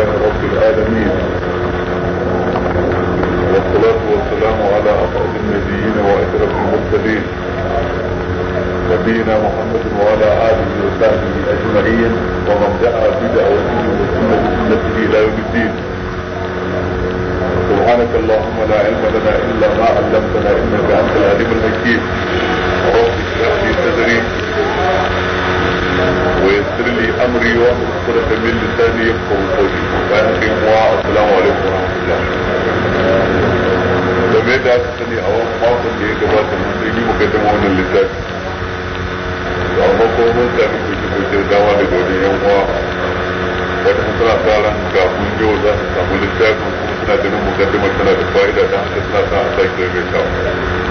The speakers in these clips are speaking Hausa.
لله رب العالمين والصلاة والسلام على أفراد النبيين وأشرف المرسلين نبينا محمد وعلى آله وصحبه أجمعين ومن دعا بدعوته وسنة سنته إلى يوم الدين سبحانك اللهم لا علم لنا إلا ما علمتنا إنك أنت العليم الحكيم رب اشرح لي صدري ويسر لي امري واحلل من لساني يفقهوا قولي وانقم السلام عليكم ورحمه الله game da aka sani a wani makon da ya gabata mun sai yi mukaddama wannan littafi da amma ko mun daga wajen yan uwa wata suna sa ran kafin yau za su samu littafin kuma suna ganin mukaddama tana da fa'ida ta haka suna sa a sake mai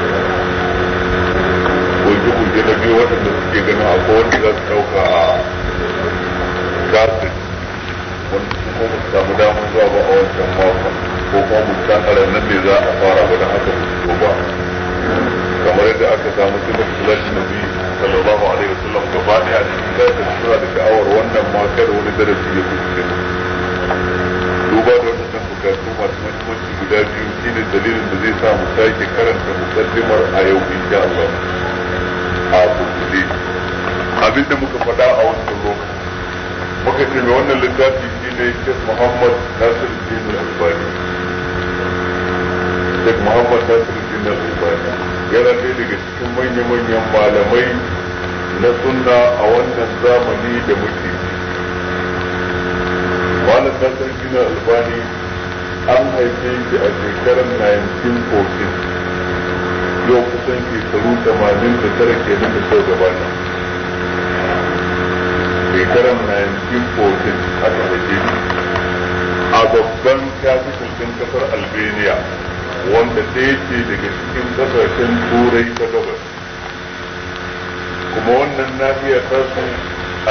yanzu kuje na biyu waɗanda suke ganin akwai wanda za su ɗauka a gasin wanda su kuma su samu damar zuwa ba a wancan makon ko kuma mutan a nan ne za a fara ba don haka su ba kamar yadda aka samu sifar sulashi na biyu sallallahu alaihi wasallam gaba ne a cikin gasar suna da sha'awar wannan makar wani darasi ya kusa duba da waɗannan bukatu masu muhimmanci guda biyu shine dalilin da zai sa mu sake karanta mukaddimar a yau insha Allah a gurgurde abin da muka faɗa a wancan lokaci muka ce mai wannan littafi shi ne Sheikh Muhammad Nasir Din Al-Albani Sheikh Muhammad Nasir Din Al-Albani yana ɗaya daga cikin manya-manyan malamai na sunna a wannan zamani da muke Malam Nasir Din Al-Albani an haife shi a shekarar 1914 yau kusan shekaru tamanin da tara ke nan da sau gabata shekarar 1914 aka haife a babban capital kasar albania wanda ɗaya ce daga cikin ƙasashen turai ta gabas kuma wannan nahiya ta san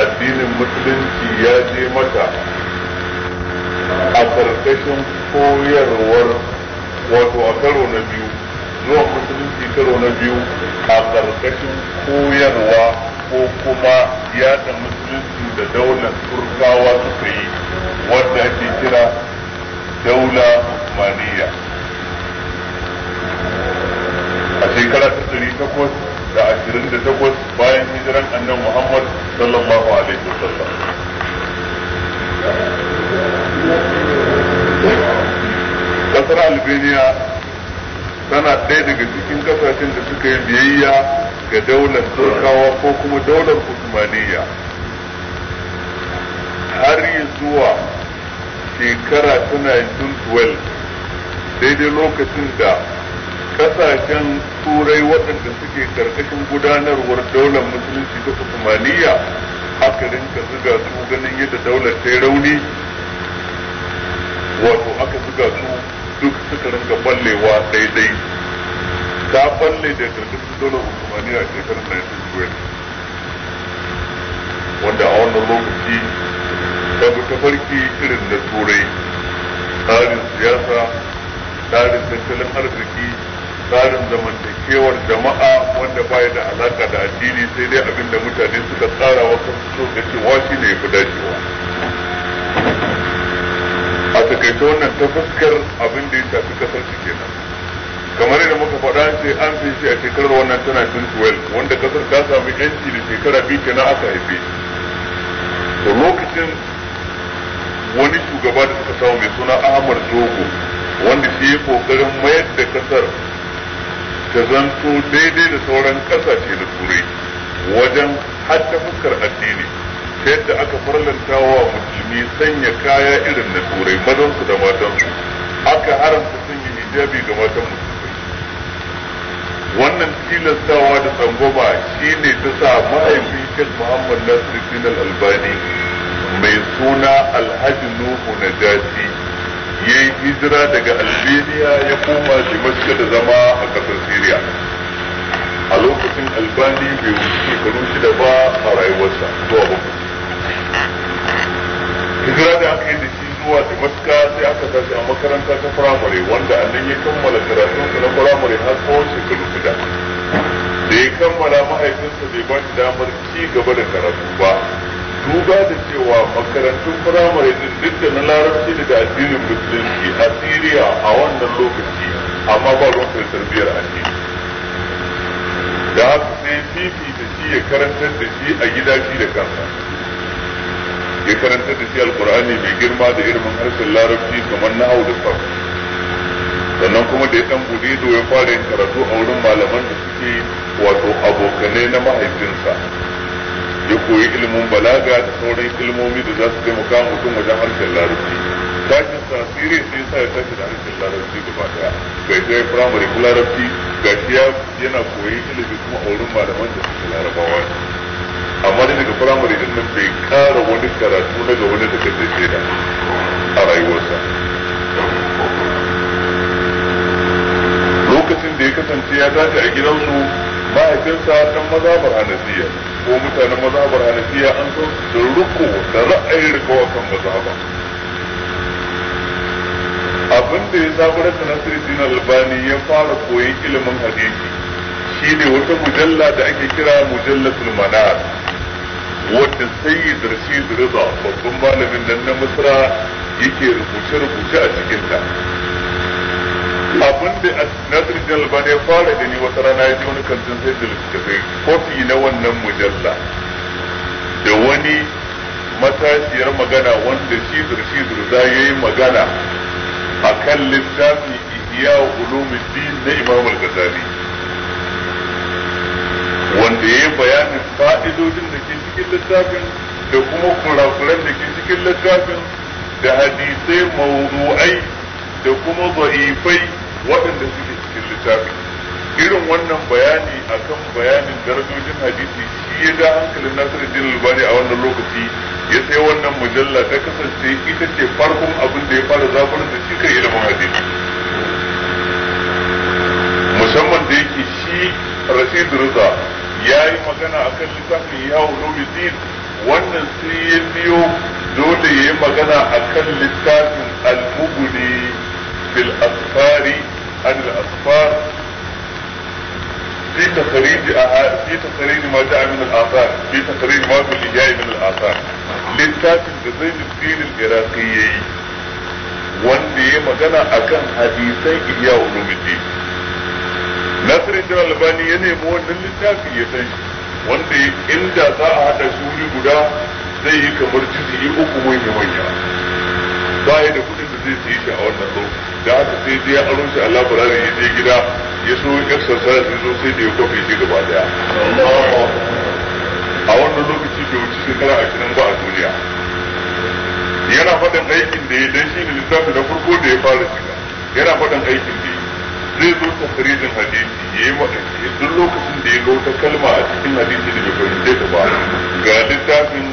addinin musulunci ya je mata a ƙarƙashin koyarwar wato a karo na biyu zuwa musulunci karo na biyu a ƙarƙashin koyarwa ko kuma yada musulunci da daular turkawa suka yi wanda ake kira daula usmaniya a shekara ta ɗari takwas da ashirin da takwas bayan hijiran annan muhammad sallallahu alaihi wasallam kasar albania tana ɗaya daga cikin kasashen da suka yi biyayya ga daular turkawa ko kuma daular usmaniyya har zuwa shekara ta 1912 daidai lokacin da kasashen turai waɗanda suke karkashin gudanarwar daular musulunci ta usmaniyya aka rinka zuga su ganin yadda daular ta yi rauni wato aka zuga su duk suka ringa ballewa daidai ta balle da karkashin dole hukumani a shekarar 1912 wanda a wannan lokaci babu tafarki irin na turai tsarin siyasa tsarin tattalin arziki tsarin zamantakewar jama'a wanda baya da alaka da addini sai dai abinda mutane suka tsara wa su so da cewa shi ne ya fi dacewa takaita wannan ta fuskar abin da ya shafi kasar su nan kamar yadda muka faɗa an ce an fi shi a shekarar wannan tana 2012 wanda kasar ta sami yanci da shekara biyu kenan aka haife da lokacin wani shugaba da suka samu mai suna ahmad dogo wanda shi ya kokarin mayar da kasar ta zanto daidai da sauran kasashe da turai wajen hatta fuskar addini ta yadda aka farlanta wa musulmi sanya kaya irin na turai madansu da matansu aka haramta sanya hijabi ga matan musulmi wannan tilastawa da tsangwama shi ne ta sa mahaifin shek muhammad nasiruddin al-albani mai suna alhaji nuhu na najati ya yi hijira daga albania ya koma shi dimashka da zama a ƙasar syria a lokacin albani bai wuce shekaru shida ba a rayuwarsa zuwa bakwai hijira da aka yi da shi zuwa da maska sai aka tashi a makaranta ta firamare wanda annan ya kammala karatunsa na firamare har tsawon shekaru shida da ya kammala mahaifinsa bai ba shi damar ci gaba da karatu ba duba da cewa makarantun firamare din duk da na larabci daga addinin musulunci a siriya a wannan lokaci amma ba ruwan tarbiyyar addini da haka sai fifita shi ya karantar da shi a gida shi da kansa ya karanta da shi alkur'ani mai girma da ilimin harshen larabci kamar na hau da sau sannan kuma da ya dan bude ido ya fara yin karatu a wurin malaman da suke wato abokanai na mahaifinsa ya koyi ilimin balaga da sauran ilmomi da za su taimaka mutum wajen harshen larabci tashin sa sirri sai sa ya tashi da harshen larabci gaba daya bai shi ya firamare larabci ga shi yana koyi ilimi kuma a wurin malaman da suke larabawa ne amma dai daga firamare din nan bai kara wani karatu daga wani takardar shaida a rayuwarsa lokacin da ya kasance ya dace a gidansu mahaifinsa dan maza hanafiya ko mutanen maza hanafiya an san da ruko da ra'ayin rikawa kan maza ba. abinda ya sabu da nasiru albani ya fara koyi ilimin hadisi shine wata mujalla da ake kira mujallatul manar wadda sayyid rashid rida babban malamin nan na misra yake rubuce-rubuce a cikinta abin da nasir jalban ya fara gani wata rana ya ji wani kantin sai da littattafai kofi na wannan mujalla da wani matashiyar magana wanda shi zarshi zirza ya yi magana a kan littafin ihya din na imamul gazari wanda ya yi bayanin fa'idodin da ke cikin littafin da kuma kurakuran da ke cikin littafin da hadisai mawdu'ai da kuma za'ifai waɗanda suke cikin littafin irin wannan bayani akan bayanin darajojin hadisi shi ya ga hankalin Nasiruddin Albani a wannan lokaci ya sai wannan mujalla ta kasance ita ce farkon abin da ya fara zafar da shi kai ilimin hadisi musamman da yake shi Rashid yayi magana akan kan littafin ya ulumuddin wannan sai ya biyo dole yayi magana akan kan littafin al bughli fil asfari an al-asfar fi fi a في تخريج في تخريج ما جاء من الاثار في تخريج ما في الاجاء من الاثار للكاتب زين al-iraqiyyi wanda yayi magana akan hadisan iya ulumuddin nasirin jin albani ya nemi wannan littafi ya san shi wanda inda za a haɗa shuri guda zai yi kamar jizgi uku manya manya baya da kuɗin da zai sayi shi a wannan lokaci da haka sai je ya aro shi a labarari ya je gida ya so exercise ya zo sai da ya kwafe shi gaba daya a wannan lokaci bai wuce shekara ashirin ba a duniya yana faɗin aikin da ya dan shi ne littafi na farko da ya fara shiga yana faɗin aikin da zai zo tafsirin hadisi yi madaci duk lokacin da ya ga wata kalma a cikin hadisi da bai fahimce ta ba ga littafin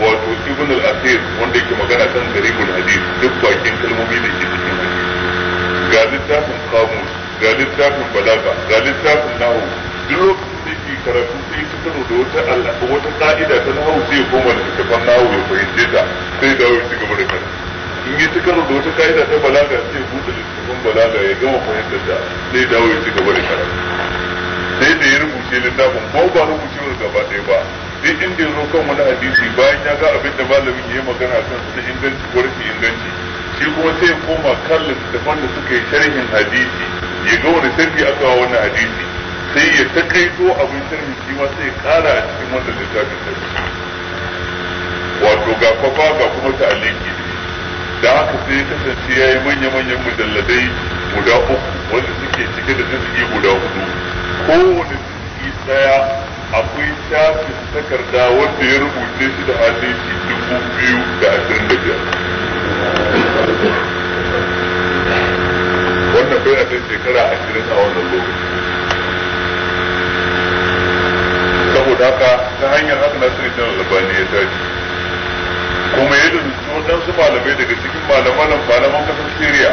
wato ibn al-asir wanda yake magana kan garibul hadis duk bakin kalmomi da ke cikin hadisi ga littafin qamus ga littafin balaga ga littafin nahu duk lokacin da yake karatu sai ta karo da wata al'ada wata ka'ida ta nahu sai koma da ta fara nahu ya fahimce ta sai dawo ya ci gaba da karatu in yi ta karo da wata ka'ida ta balaga sai buɗe ilimin balaga ya gama fahimtar da zai dawo ya ci gaba da karatu sai da ya rubuce littafin ko ba rubucewar gaba ɗaya ba sai inda ya zo kan wani hadisi bayan ya ga abin da malamin ya yi magana kan su na inganci ko rufe inganci shi kuma sai ya koma kan littattafan da suka yi sharhin hadisi ya ga wani sharhi aka wa wani hadisi sai ya takaito abin sharhin shi ma sai ya kara a cikin wannan littafin wato ga kwafa ga kuma ta'aliki da haka sai ya kasance ya yi manya-manyan mujalladai guda uku wanda suke cike da jirgi guda hudu kowane jirgi daya akwai shafin takarda wanda ya rubuce shi da hadisi dubu biyu da ashirin da biyar wannan bai a kai shekara ashirin a wannan lokaci saboda haka ta hanyar haka na sirri jan albani ya tashi kuma ya su waɗansu malamai daga cikin malaman malaman kasar Syria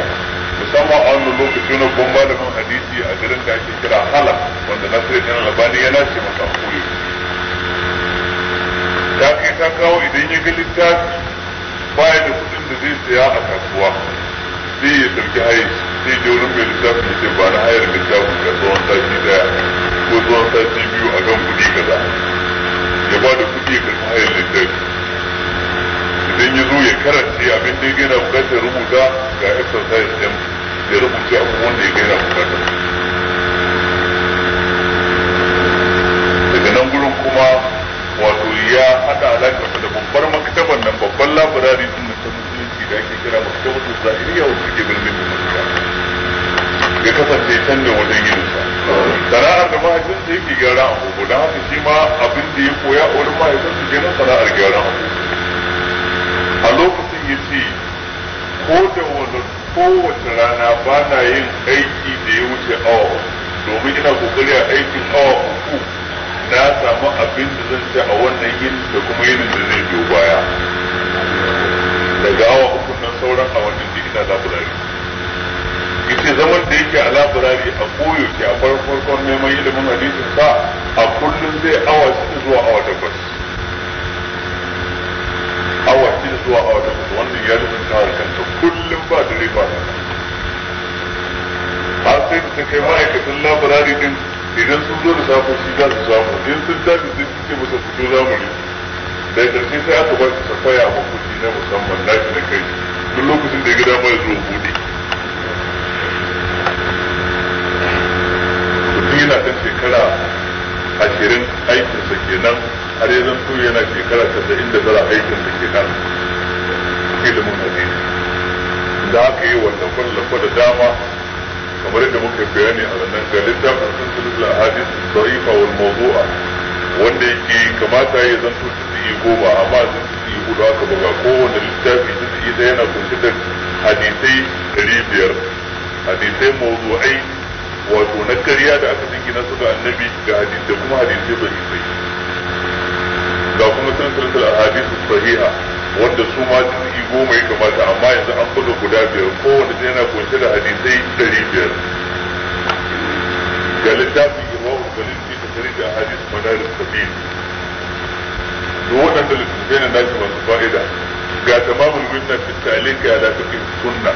musamman a wannan lokacin na bomba da man hadisi a garin da ake kira Halab wanda na Nasir Ibn Albani yana ce masa kure ta kai ta kawo idan ya ga littafi baya da kuɗin da zai saya a kasuwa sai ya ɗauki hayar sai ya wurin mai littafi ya ce ba na hayar littafi ga tsawon sati daya ko tsawon sati biyu a kan kudi kaza ya ba da kuɗi ya karɓi hayar littafi idan ya zo ya karance abin da ya gaina bukatar rubuta ga exercise din ya rubuce abubuwan da ya gaina bukatar daga nan gurin kuma wato ya hada alaƙa da babbar maktabar nan babban labarari sun da ta musulunci da ake kira maktabar zahiriya wanda suke birnin ya kasance can ne wajen yin sa sana'ar da mahaifinsa yake gyara a kogo haka shi ma abin da ya koya a wurin mahaifinsa kenan sana'ar gyara a kogo a lokacin ya ce ko da wani kowace rana ba na yin aiki da ya wuce awa domin ina kokari a aikin awa uku na samu abin da zan ci a wannan yin da kuma yin da zai biyo baya daga awa uku na sauran a wannan da ina laburari yace zaman da yake a laburari a koyaushe a farkon neman ilimin hadisin sa a kullum zai awa shi zuwa awa takwas awa shida zuwa awa da kusa wannan ya nufin tawar kanta kullum ba dare ba har sai da ta kai ma'aikatan labarari din idan sun zo da safo shi za su samu in sun tafi sun ce masa fito zamani da karshe sai aka bar ta koya a makoci na musamman na shi na kai duk lokacin da ya gida mai zuwa buɗe mutum na kan shekara ashirin aikinsa kenan har zan zanto yana shekara casa'in da zara aikin da ke nan ilimin hadisi da aka yi wannan kwallafa da dama kamar yadda muka bayani a ranar ga littafin sun sulula hadis zarifa wal mawdu'a wanda yake kamata ya zan su yi goma amma sun su yi hudu aka buga kowane littafi sun su yi ɗaya yana kunshe da hadisai ɗari biyar hadisai mawdu'ai wato na karya da aka jingina su ga annabi ga hadisai kuma hadisai bai yi ga kuma a ahadithu sahiha wanda su ma juz'i goma ya kamata amma yanzu an kudu guda biyar kowanne da yana kunshe da hadisai dari biyar ga littafin irwahu galil fi tafsir da hadith manar sabil duk waɗanda littattafai na nasu masu fa'ida ga tamamul minna fi ta'alika ala fiqh sunna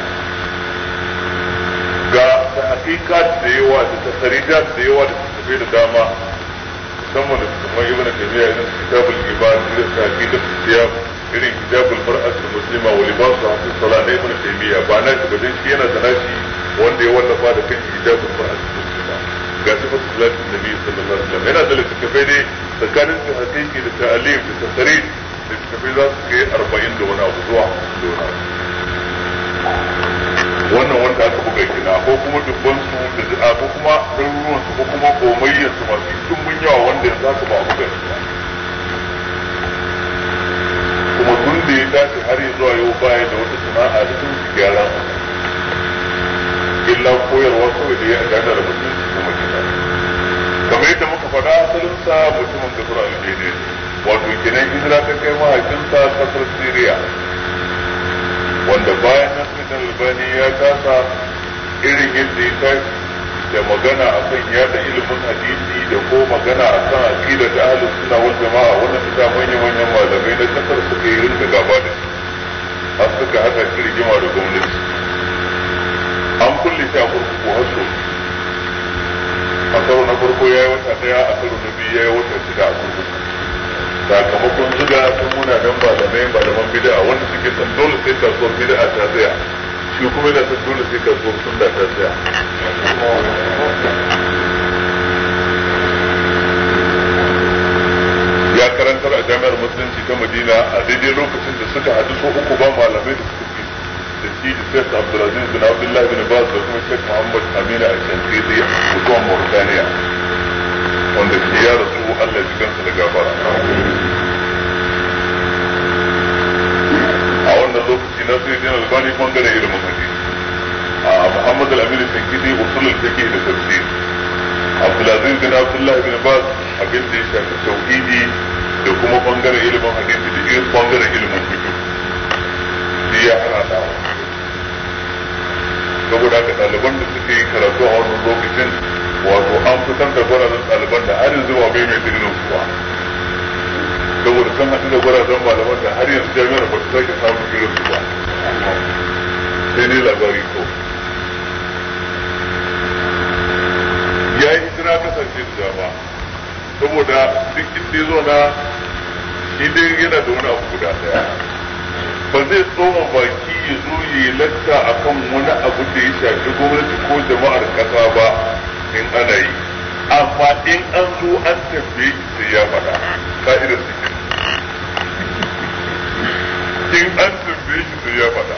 ga hakika da yawa da tasaridat da yawa da tafsir da dama musamman da kuma ibn tabiya irin kitabul iman irin safi da siyam irin kitabul mar'at muslima wa libasu hafi sala na ibn tabiya ba na shi bajin shi yana da nashi wanda ya wallafa da kan kitabul mar'at muslima ga su fasu salatin nabi sallallahu alaihi wasallam yana da littattafai ne tsakanin su hakiki da ta'alim da tasari littattafai za su kai arba'in da wani abu zuwa wannan da aka buga kina ko kuma dubban su da da ko kuma garuruwan su ko kuma komayyan su masu sun mun yawa wanda yanzu aka ba buga kina kuma tun da ya tashi har yi zuwa yau baya da wata sana'a da sun su gyara illa koyarwa kawai da ya gada da mutum su kuma kina kamar yadda muka faɗa asalin sa mutumin da kasar Algeria wato kenan hijira ta kai mahaifinsa kasar siriya wanda bayan nan sun albani ya kasa irin yadda ya tashi da magana a kan yada ilimin hadisi da ko magana a kan aqida da ahalin suna wani jama'a wani ta manyan manyan malamai na kasar suka yi rinka gaba da a suka haka shi rigima da gwamnati an kulle shi a kurkuku har so a karo na farko ya yi wata daya a karo na biyu ya yi wata shida a kurkuku sakamakon zuga sun muna dan malamai malaman bid'a wanda suke san dole sai kasuwar bid'a ta tsaya shi kuma yana son dole sai ka zo sun da ta tsaya ya karantar a jami'ar musulunci ta madina a daidai lokacin da suka haɗu so uku ba malamai da suka fi da shi da shek abdulaziz bin abdullahi bin baz da kuma shek muhammad amina a shankiri da kuma mauritaniya wanda shi ya rasu allah ya ji kansa da gabara lokaci na sai dinar kwan gare irin hadisi a muhammad al-amin sankidi usulul fiqh da tafsir abdulaziz bin abdullah bin bas abin da ya shafi tauhidi da kuma bangare ilimin hadisi da irin bangare ilimin fiqh shi ya hana hada saboda ka ɗaliban da suke yi karatu a wannan lokacin wato an fitar da gwarazin ɗaliban da har zuwa bai mai dinar kuwa sun haɗu da gwarazan malaman da har yanzu jami'ar ba su sake samun irin su ba sai ne labari ko ya yi hijira kasance da dama saboda duk inda ya zo na shi dai yana da wani abu guda daya ba zai tsoma baki ya zo ya yi a akan wani abu da ya shafi gwamnati ko jama'ar ƙasa ba in ana yi amma in an zo an tambaye sai ya faɗa ka'idar su in an tambaye shi sai ya faɗa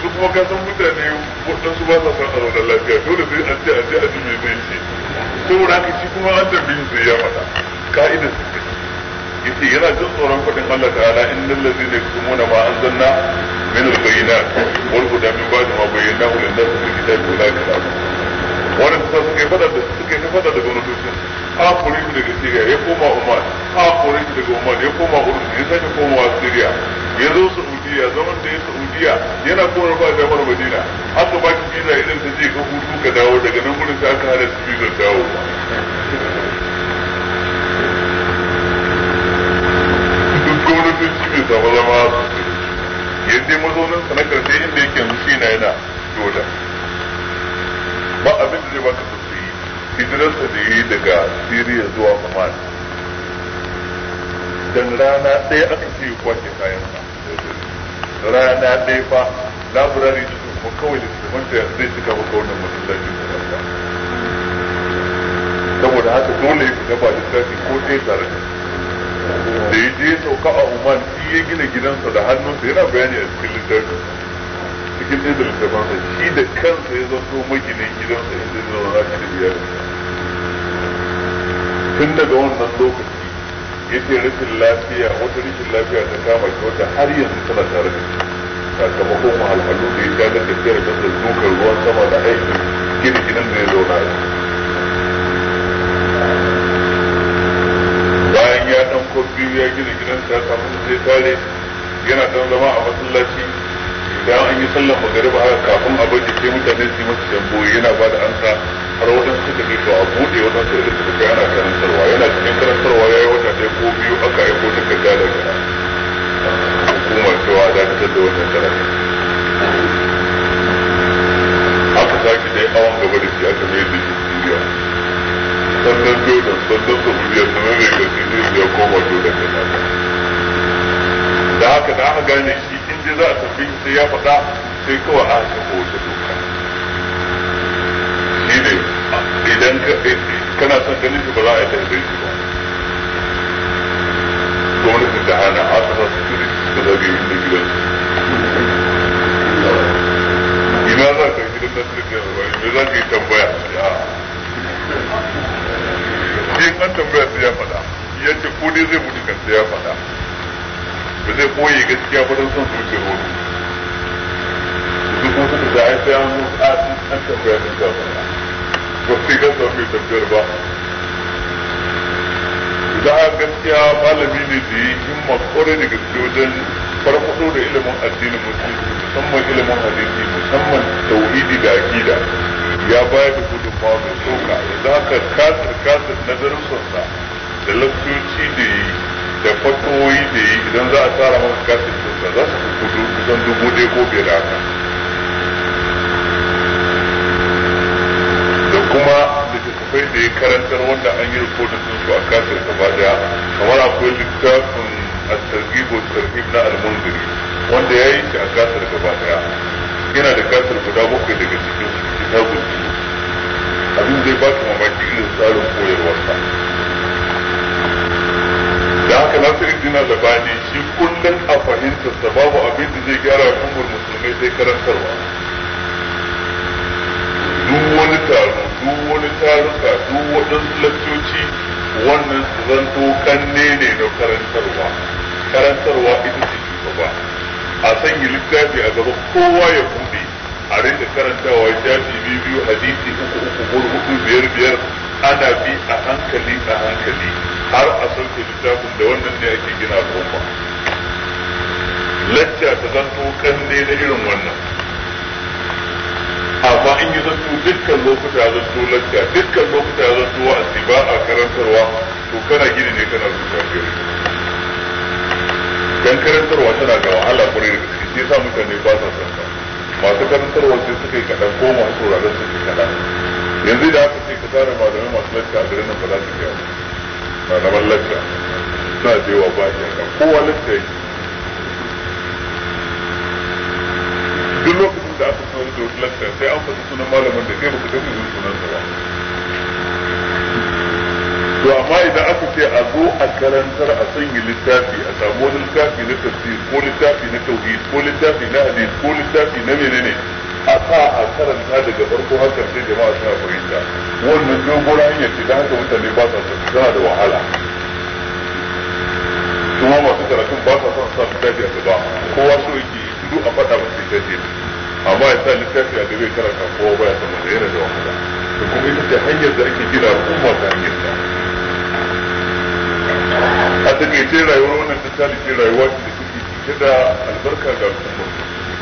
su kuma ka san mutane waɗansu ba sa san a zauna lafiya dole sai an ce a ce a ji me zai ce ko wani haka shi kuma an tambaye shi sai ya faɗa ka'idar su yace yana jin tsoron kuɗin Allah ta'ala innal ladzina yaktumuna ma zanna min al-bayyinat wal huda min ba'di ma bayyanahu lin-nasi fil kitabi wa la kalam wannan sai suka fada da suka fada da gwamnatocin a kuri daga Syria ya koma Umar a kuri daga Umar ya koma Urdun ya sake komawa Syria ya zo saudiya zaman da ya saudiya yana kowar ba damar madina aka ba ki biza idan ta je ka hutu ka dawo daga nan gurin sai aka hada su biza dawo duk gwamnatoci bai samu zama ya je mazaunin sanakar sai inda yake yanzu shi na yana dole ba abin da zai baka sosai hijirarsa da ya yi daga siriya zuwa kamar dan rana ɗaya aka ce kwace kayan sa rana ɗaya fa ne su kuma kawai da su manta yanzu zai cika maka wannan masallaci da rana saboda haka dole ya fita ba da littafi ko ɗaya tare da da ya je sauka a umar shi ya gina gidansa da hannunsa yana bayani a cikin littafin cikin ɗaya da littafansa shi da kansa ya zanto maginin gidansa inda ya zauna shi da biyar tun daga wannan lokacin yace rashin lafiya wata rashin lafiya ta kama shi wata har yanzu tana tare da shi sakamakon wahalhalu da ya sha da tafiyar da da dukkan ruwan sama da aikin gina ginin da ya zauna a bayan ya dan biyu ya gina ginin ta samu sai tare yana dan zama a masallaci idan an yi sallar magariba haka kafin a bar ke mutane su yi masa shambo yana ba da ansa har wajen da ce to a buɗe wajen da suka ce ana karantarwa yana cikin karantarwa ya yi wata ɗaya ko biyu aka aiko ta kai gada daga hukumar cewa za ta da wannan karar aka sake dai awon gaba da shi aka mai da shi siriya sannan jordan sannan saudiya sannan mai ga siriya ya koma jordan da nasa da haka da aka gane shi inda za a tafi sai ya faɗa sai kawai wajen farfado da ilimin addinin musulunci musamman ilimin hadisi musamman tauhidi da aqida ya bayar da ba mai soka yanzu kai kasar kasar na darussansa da lakcoci da yi da fatoyi da yi idan za a tara maka kasar dinsa za su kudu kusan dubu ɗaya ko biyar haka da kuma littattafai da ya karantar wanda an yi rikodin su a kasir gaba daya kamar akwai littafin at-targhib wa tarhib na al-munziri wanda yayi shi a kasar gaba daya yana da kasar guda bakwai daga cikin kitabul abin zai baka mamaki irin tsarin koyarwarsa da haka na sai dina labani shi kullum a fahimtar sa abin da zai gyara al'ummar musulmai sai karantarwa duk wani taro duk wani taruka duk waɗansu lakcoci wannan su zanto ne ne na karantarwa karantarwa ita ce shugaba a sanya littafi a gaba kowa ya buɗe a rinka karantawa shafi biyu biyu hadisi uku uku hudu hudu biyar biyar ana bi a hankali a hankali har a sauke littafin da wannan ne ake gina goma lacca ta zanto kanne na irin wannan amma in yi zanto dukkan lokuta zanto lacca dukkan lokuta zanto wa'azi ba a karantarwa to kana gini ne kana zuwa shi dan karantarwa tana da wahala kwarai da gaske shi yasa mutane ba sa son ta masu karantarwa sai suka yi kaɗan ko masu sauraron suka yi kaɗan yanzu da aka ce ka tara malamai masu lacca a garin nan ba za su kai malaman lacca suna da yawa ba shi kan kowa lacca yake duk lokacin da aka sanar da wata lacca sai an fasa sunan malamin da kai ba ku tafi sunan sa ba to amma idan aka ce a zo a karantar a sanya littafi a samu wani littafi na tafsir ko littafi na tauhid ko littafi na hadis ko littafi na menene a sa a karanta daga farko har karshe jama'a suna fahimta wannan dogon hanya ce da haka mutane ba sa son tana da wahala kuma masu karatun ba sa son sa littafi a gaba kowa so yake duk a faɗa masa littafi amma ya sa littafi a gaba ya karanta kowa baya sama da yana da wahala kuma ita ce hanyar da ake kira kuma ta hanyar ta takaice rayuwar wannan ta tattali ce rayuwa ce da take cike da albarka ga kuma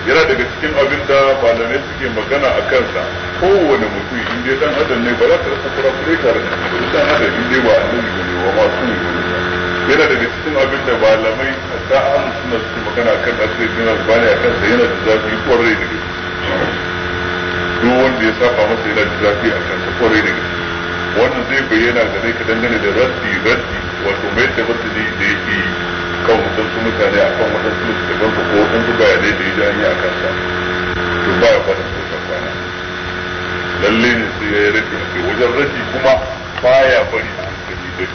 yana daga cikin abin da malamai suke magana a kansa kowane mutum in dai dan adam ne ba za ka rasa kurakurai tare da shi dan adam in dai ba annabi ne ba ma su yana daga cikin abin da malamai a sa'an suna su magana kan asirin jinar ne a kansa yana da zafi kwarai da gaske duk wanda ya saba masa yana da zafi a kansa kwarai da gaske wanda zai bayyana da ne ka dangane da rasti rasti wato mai da ne da yake kan wadansu mutane a kan wadansu littattafan ko wadansu bayanai da ya ji a kansa to ba ya fara so kwana lalle ne sai ya yi raddi a kai wajen raddi kuma baya bari da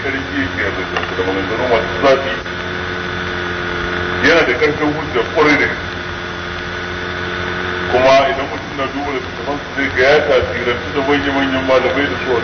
karfi yake a zuciyarsa da maganganu masu zafi yana da karfin hujja kwarai da kuma idan mutum na duba da su kafan su zai ga ya tasirantu da manya-manyan malamai da suwa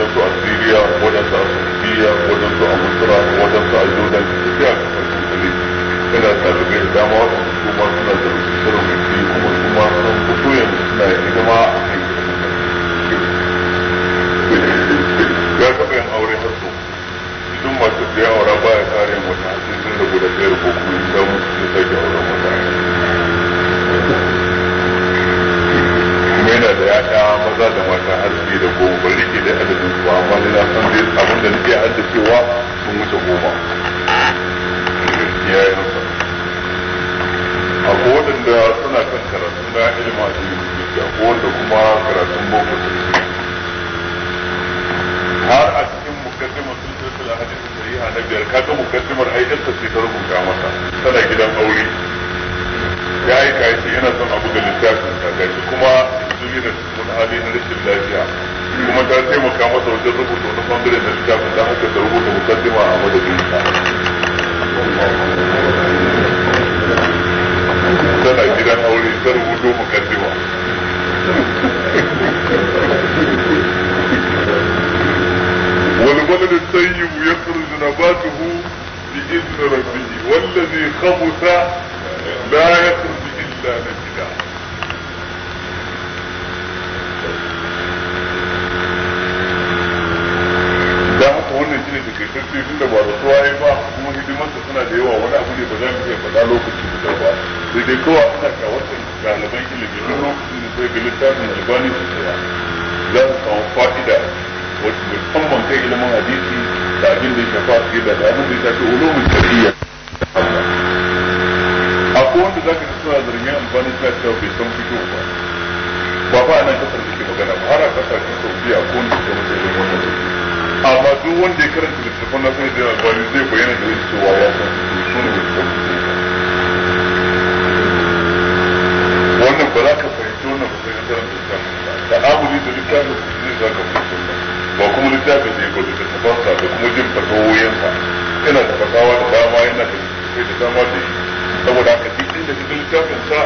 waɗansu a Siriya waɗansu a Sufiya waɗansu a Misra waɗansu a Jordan sai a kasar Sudani kana ɗalibai da dama wasu kuma suna da shirin mutu kuma kuma sun fito yanzu suna hidima a kan ya taɓa yin aure har so idan masu da ya baya kare mata sai sun da guda ɗaya ko kuma ya samu sake auren 'ya'ya maza da mata har da goma ba rike da adadin su amma ni na san dai abin da nake cewa sun wuce goma gaskiya ya akwai waɗanda suna kan karatu na ilimin addinin musulunci akwai wanda kuma karatun boko suke har a cikin mukaddimar sun tattala sai a na biyar kaga mukaddimar ai yarsa ta ta rubuta masa tana gidan aure ya yi kashi yana son abu da littafin ta gashi kuma musulmi da cikin hali na rashin lafiya kuma ta taimaka masa wajen rubuta wani bangare na littafin da haka da rubuta mukaddima a madadin sa tana gidan aure ta rubuto mukaddima والولد الطيب يخرج نباته بإذن ربه والذي خبث لا يخرج إلا نكدا ne da kaitacce tun ba rasuwa ya ba kuma hidimarsa suna da yawa wani abu ne ba za mu iya faɗa lokaci guda ba sai dai kawai ana kawarsan ɗaliban ilimi duk lokacin da sai ga littafin jibani su tsaya za su samu fa'ida wacce musamman kai ilimin hadisi da abin da ya shafa su da abin da ya shafi ulumin shari'a akwai wanda za ka ji suna zargin amfani suna cewa bai san fito ba ba ba nan kasar da ke magana ba har a kasashen saudiya ko wanda ke masa amma duk wanda ya karanta littafin na sanar jiran albani zai bayyana da wasu cewa ya san su ne littattafan wannan ba za ka fahimci wannan ba sai ka karanta littafin ba da amuli da littafin ne za ka fahimci ba ba kuma littafin ne ba littattafansa da kuma jin fata wuyan ba yana da fatawa da dama yana da sai da dama da shi saboda haka duk inda ka cikin littafin sa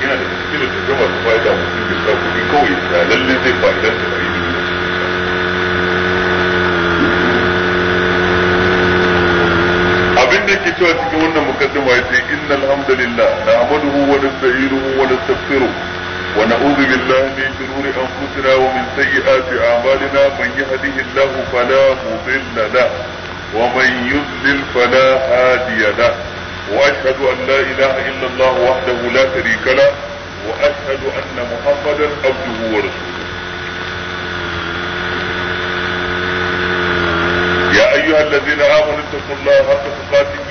yana da cikin da ta littattafai su fa'ida mutum bai sa kuɗi kawai da lalle zai fa'idar da yake cewa cikin wannan mukaddima yace innal hamdalillah nahmaduhu wa nasta'inuhu wa nastaghfiruh wa na'udhu billahi min shururi anfusina wa min sayyiati a'malina man yahdihillahu fala mudilla la wa man yudlil fala hadiya la wa ashhadu an la ilaha illa Allah wahdahu la sharika la wa ashhadu anna Muhammadan abduhu wa يا أيها الذين آمنوا اتقوا الله حق تقاته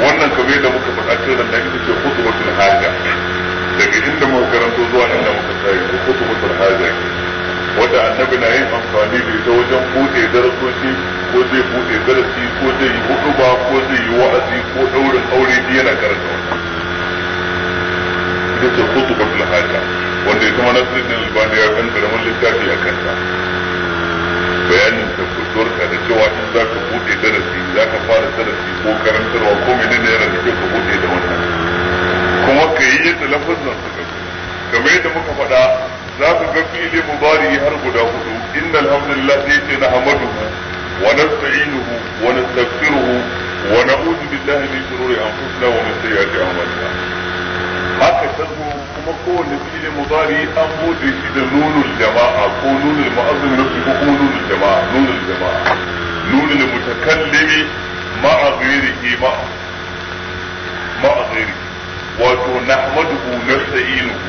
wannan kabe da muka faɗa tun da na ita ce kutubatul haja daga inda muka karanto zuwa inda muka tsaye ko kutubatul haja wanda annabi na yin amfani da ita wajen buɗe darasoshi ko zai buɗe darasi ko zai yi huɗuba ko zai yi wa'azi ko ɗaurin aure yana karanta ita ce kutubatul haja wanda ita ma nasirin albani ya kan karamin littafi a kanta bayanin da kusuwar ka da cewa in za ka bude darasi za ka fara darasi ko karantarwa ko ne yana da ka bude da wannan kuma ka yi yadda lafazin suka kamar yadda muka faɗa za ka ga fili mubari har guda hudu inda alhamdulillah sai ce na wani wa nasta'inuhu wa nastaghfiruhu wa na'udhu billahi min shururi anfusina wa min sayyiati a'malina haka tazo kuma kowane filin mubari an bude shi da nunul jama'a ko nunul mu'azzim nafsi ko kuma nunul jama'a nunul jama'a nunul mutakallimi ma'a ghairihi ma'a ma'a ghairihi wato nahmaduhu nasta'inuhu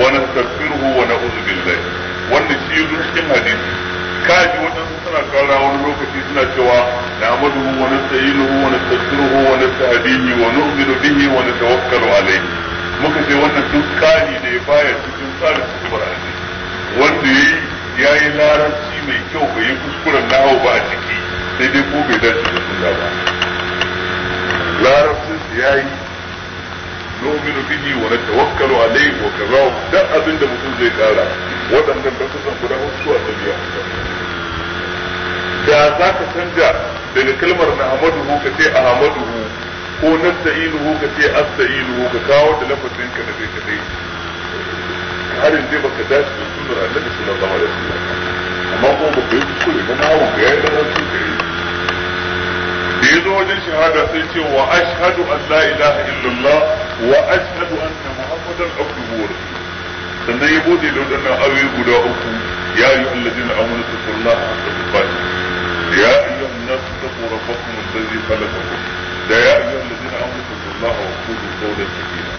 wa nastaghfiruhu wa na'udhu billahi wannan shi cikin hadisi kaji waɗansu suna kara wani lokaci suna cewa na amadu wa nasta'inuhu wa nastaghfiruhu wa nasta'dihi wa nu'minu bihi wa natawakkalu alayhi muka ce wannan duk da ne baya cikin tsarin kubar addini wanda yayi yayi larabci mai kyau bai yi kuskuren nahawu ba a ciki sai dai ko bai dace da sunna ba larabcin yayi نؤمن به ونتوكل عليه وكذا ده أبن abinda mutum zai kara waɗannan da kusan guda wasu a tafiya da za ka canja daga kalmar na amaduhu ka ce a ahamaduhu ko na nasta'inuhu ka ce a asta'inuhu ka kawo da lafazin ka da kai kadai har yanzu ka dace da sunnar annabi sallallahu alaihi wasallam amma ko baka yi kuskure ba nawo ga yayin da wasu da yi da ya zo wajen shahada sai ce wa ashhadu an la ilaha illallah wa ashhadu anna muhammadan abduhu wa sannan ya bude da wadannan ayoyi guda uku ya yi allazina amanu taqullaha haqqa tuqatih يا ايها الناس اتقوا ربكم الذي خلقكم ده يا ايها الذين امنوا اتقوا الله وقولوا قولا سديدا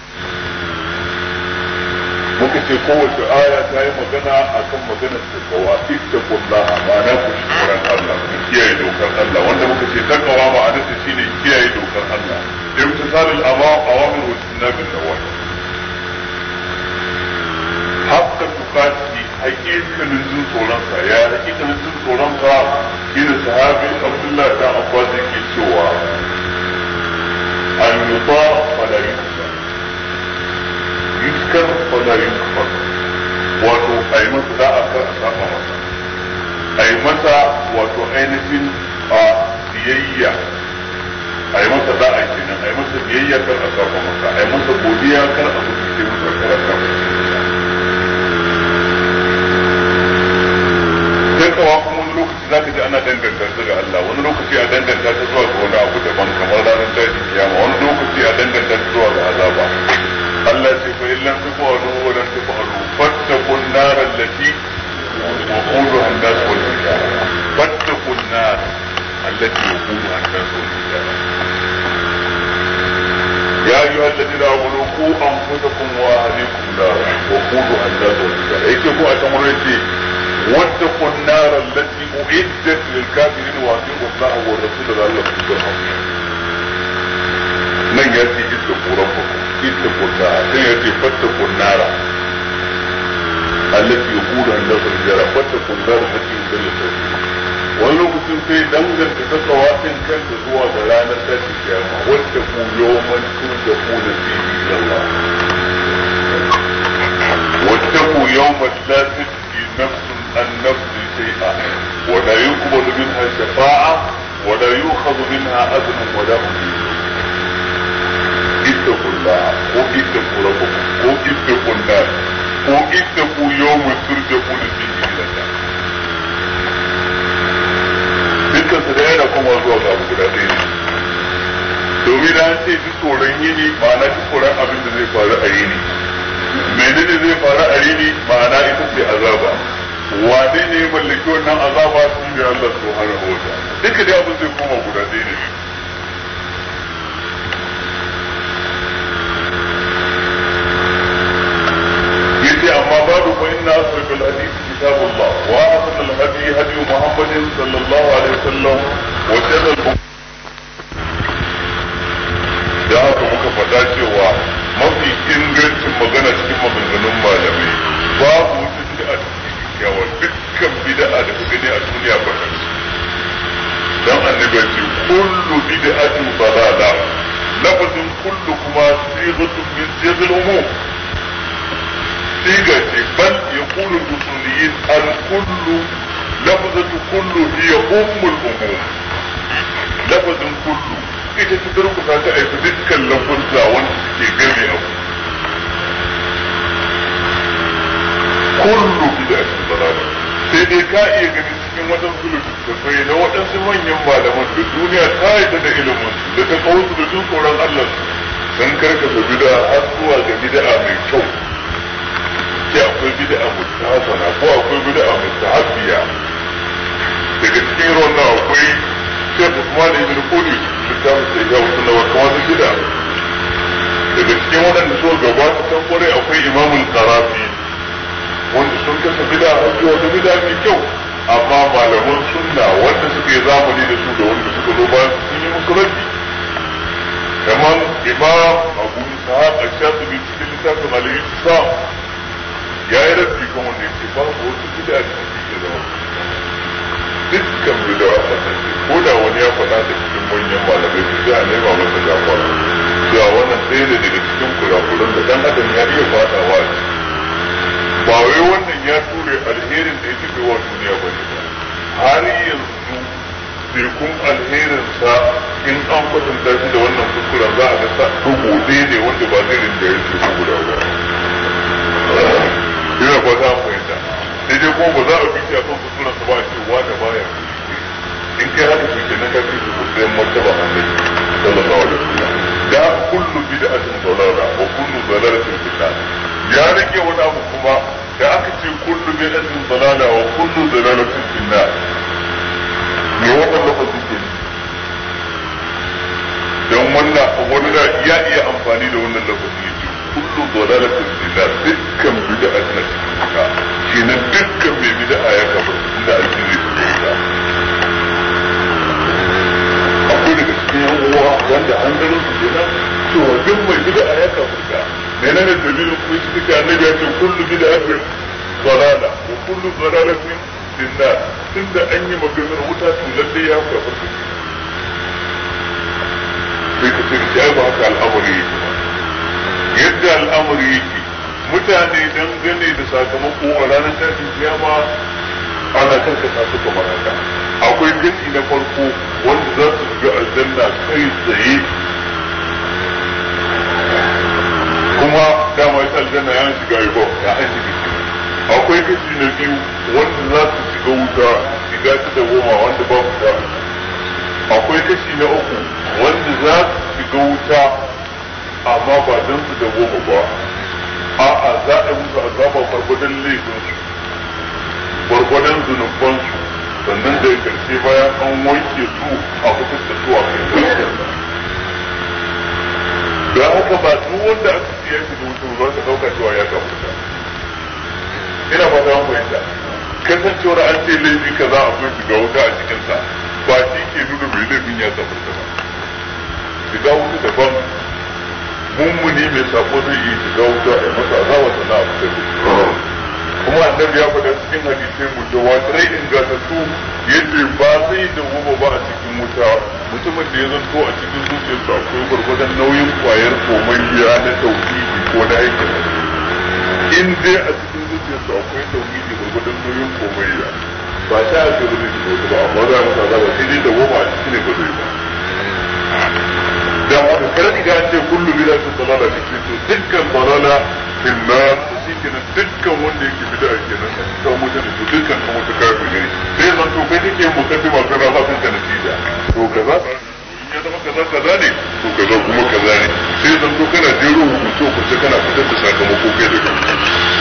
ممكن في قوة آية هاي مجنة أكون مجنة في قوة اتقوا الله ما نفش قرأت الله كي يدو كان الله وانا ممكن في تلك وعما عدت سيني كي يدو كان الله امتثال الأمام أوامر واجتناب من الأول حق تقاتل hakikalin jin tsoronsa ya hakikalin jin tsoronsa shi da sahabi abdullah da abbas yake cewa an yuta fala yukfa yuskar fala yukfa wato a yi masa da a kar a saba masa a yi masa wato ainihin a biyayya a yi masa da'a kenan a yi masa biyayya kar a saba masa a yi masa godiya kar a mutunce masa kar a saba masa za ka ji ana danganta su ga Allah wani lokaci a danganta su zuwa ga wani abu daban kamar ranar tashin kiyama wani lokaci a danganta su zuwa ga azaba Allah ce fa illan tufalu wa lam tufalu fattaqun nar allati وقودها الناس والحجارة فاتقوا النار التي وقودها الناس والحجارة يا أيها الذين آمنوا قوا أنفسكم وأهليكم نارا وقودها الناس والحجارة إيه كيف أتمرتي واتقوا النار التي أعدت للكافرين وأطيعوا الله والرسول لعلكم ترحمون من يأتي اتقوا ربكم اتقوا النار من يأتي فاتقوا النار التي يقولها الناس الرجال فاتقوا النار التي يبلغ wani lokacin sai danganta ta tsawatin kanta zuwa ga ranar tashi kiyama wacce ku yawman tun da ku na wacce ku النفس شيئا ولا يقبل منها شفاعة ولا يؤخذ منها أذن ولا هم اتقوا الله واتقوا ربكم واتقوا الناس واتقوا يوم ترجعون فيه إلى الله dukkansa da yana kuma zuwa ga abu guda ɗaya domin an ce ji tsoron yini ma'ana ji tsoron abin da zai faru a yini menene zai faru a yini ma'ana ita ce azaba wane ne mallaki wannan azaba su ne Allah subhanahu wa ta'ala duka dai abin zai koma guda ɗaya ne yace amma babu fa inna hadith kitabullah wa asrafil hadi hadi muhammadin sallallahu alaihi wasallam wa ummul umum lafazin kullu ita ta durkusa ta aiki dukkan lafazza wanda suke gane abu kullu bid'atin dalala sai dai ka iya ganin cikin wajen sulutu da sai na waɗansu manyan malaman duk duniya ta yadda da ilimin da ta kawo da jin tsoron Allah sun karkasa bid'a har zuwa ga bid'a mai kyau sai akwai bid'a mutasana ko akwai bid'a mutahabbiya daga cikin wannan akwai Sheikh Usman Ibn Kudi ta sai ya wuce na wasu wasu gida daga cikin waɗanda gaba ta san kwarai akwai imamul karafi wanda sun kasa gida a wata gida mai kyau amma malaman sunna wanda suka yi zamani da su da wanda suka zo bayan sun yi musu rabi kamar imam abu ishaq ash bi cikin littafin al sa ya yi rabbi kan wanda yake babu wasu gida a cikin dukkan bidawa a ce ko da wani ya faɗa da cikin manyan malamai su sai a nema masa gafara cewa wannan sai ne daga cikin kurakuran da dan adam ya iya wa a ciki ba wai wannan ya ture alherin da ya ci wa duniya ba ne har yanzu tekun alherin sa in an kwatanta shi da wannan kuskuren za a ga sa dubu ne wanda ba zai rinda yake guda ba ina fata mu sai dai kuma ba za a fice a kan kusuran ba a ce da baya in kai haka su ke na kafin su kusurin martaba a nan sallallahu alaihi bi da kullu bid'atin dalala wa kullu dalalatin fita ya rike wani abu kuma da aka ce kullu bid'atin dalala wa kullu dalalatin fitar me wannan lafazi ke don wannan wani da ya iya amfani da wannan lafazi ya ce kullu dalalatin fita dukkan bid'a na cikin kenan dukkan mai bid'a a ya kafa da addini da akwai daga cikin yan uwa wanda an gano su kenan cewa duk mai bid'a ya kafa da menene dalilin kuma shi duka annabi ya ce kullu bid'atin dalala wa kullu dalalatin dinnar tunda an yi maganar wuta to lalle ya kafa da sai ka ce ya ba haka al'amari yadda al'amari yake mutane don gane da sakamako a ranar tashin kiyama ana karkata su kamar haka akwai gani na farko wanda za su shiga aljanna kai tsaye kuma dama ita aljanna ya shiga yi ba, ya an shiga akwai gani na biyu wanda za su shiga wuta shiga ta da goma wanda ba ku akwai kashi na uku wanda za su shiga wuta amma ba don su da goma ba a'a za a yi musu azaba gwargwadon laifin su gwargwadon zunubban su sannan da karshe bayan an wanke su a fitar da su a kai da haka ba duk wanda aka ce ya da wuta ba ta dauka cewa ya kafa ta ina ba ta fahimta kasancewar an ce laifi kaza akwai shiga wuta a cikinsa ba shi ke nuna mai laifin ya kafa ta ba shiga wuta daban mummuni mai sako zai yi ga wuta a masa azaba sana a fitar da kuma annabi ya faɗa cikin hadisai in mutawatai ingantattu yace ba zai dawwama ba a cikin wuta mutumin da ya zanto a cikin su akwai gwargwadon nauyin kwayar komayya na tauhidi ko na aikin in dai a cikin su akwai tauhidi gwargwadon nauyin komayya ba ta ake wani shi ba amma za a masa azaba sai dai dawwama a cikin ne ba zai ba dan haka kar idan an ce kullu bid'atin dalala ne to dukkan dalala illa to shi kenan dukkan wanda yake bid'a kenan to mutane to dukkan kuma to kafir ne sai zan to kai kake mu kana ba kanka natija to kaza ya zama kaza kaza ne to kaza kuma kaza ne sai zan to kana jero hukunce hukunce kana fitar da sakamako kai da kanka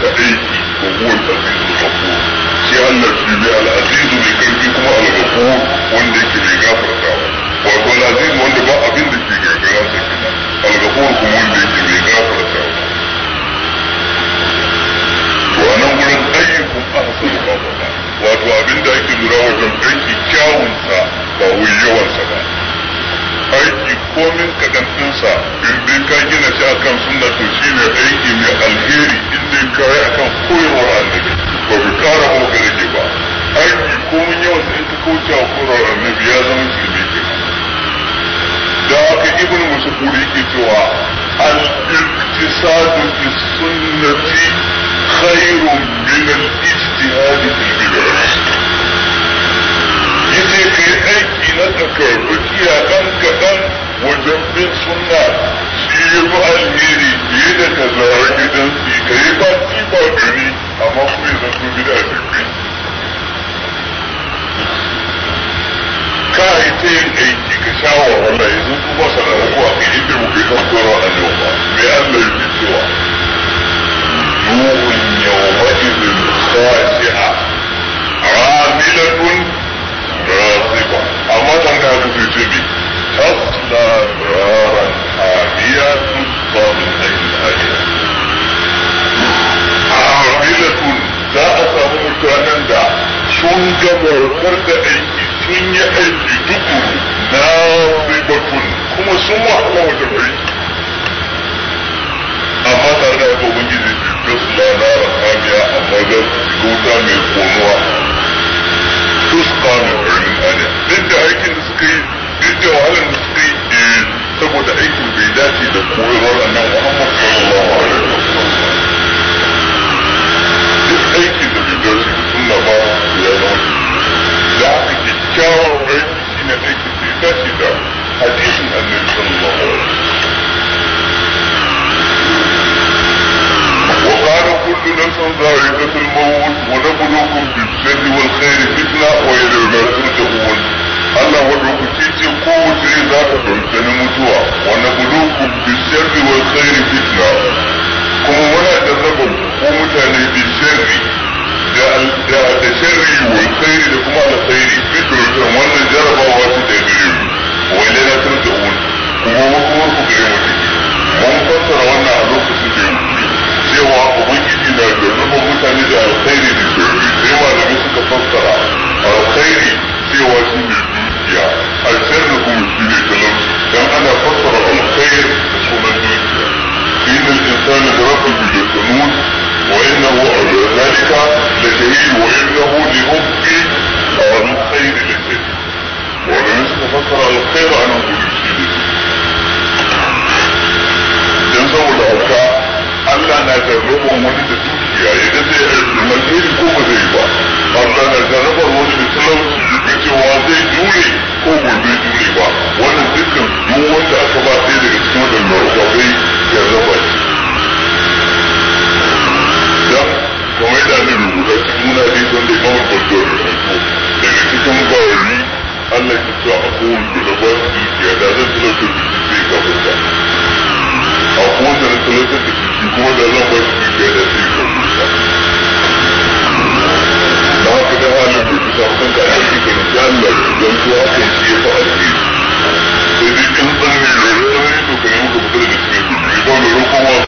Aiki ko huwa al-azizul ghafur shi Allah shi ne al mai karfi kuma al-ghafur wanda yake mai gafartawa wato al wanda ba abin da ke gagara sa kenan al-ghafur kuma wanda yake mai gafartawa to anan gurin ayyukum ahsanu qawla wato abin da ake lura wajen aiki kyawunsa ba wai yawansa ba aiki komin kaɗan ɗinsa in dai ka gina shi kan suna to shi ne aiki mai alheri inda ya ka yi akan koyarwar annabi ba ku ƙara ko ka rage ba aiki komin yawan ita ko kauce wa koyarwar annabi ya zama shirme ke da haka ibn mas'ud ke cewa al-iqtisadu fi sunnati khairun min al-ijtihad fi al-bid'ah yace kai aiki na takardu iya ɗan kaɗan wajen bin sunna shi ya fi alheri fiye da ta zara gidan su ka yi ba ci ba gari amma kuma ya zanto gida a jirgin ka yi ta yin aiki ka sha wa wanda ya zanto ba sa da ka yi da muke kan tsoro a yau ba mai Allah ya cewa yuhun yawma izin khasi'a semua Amen.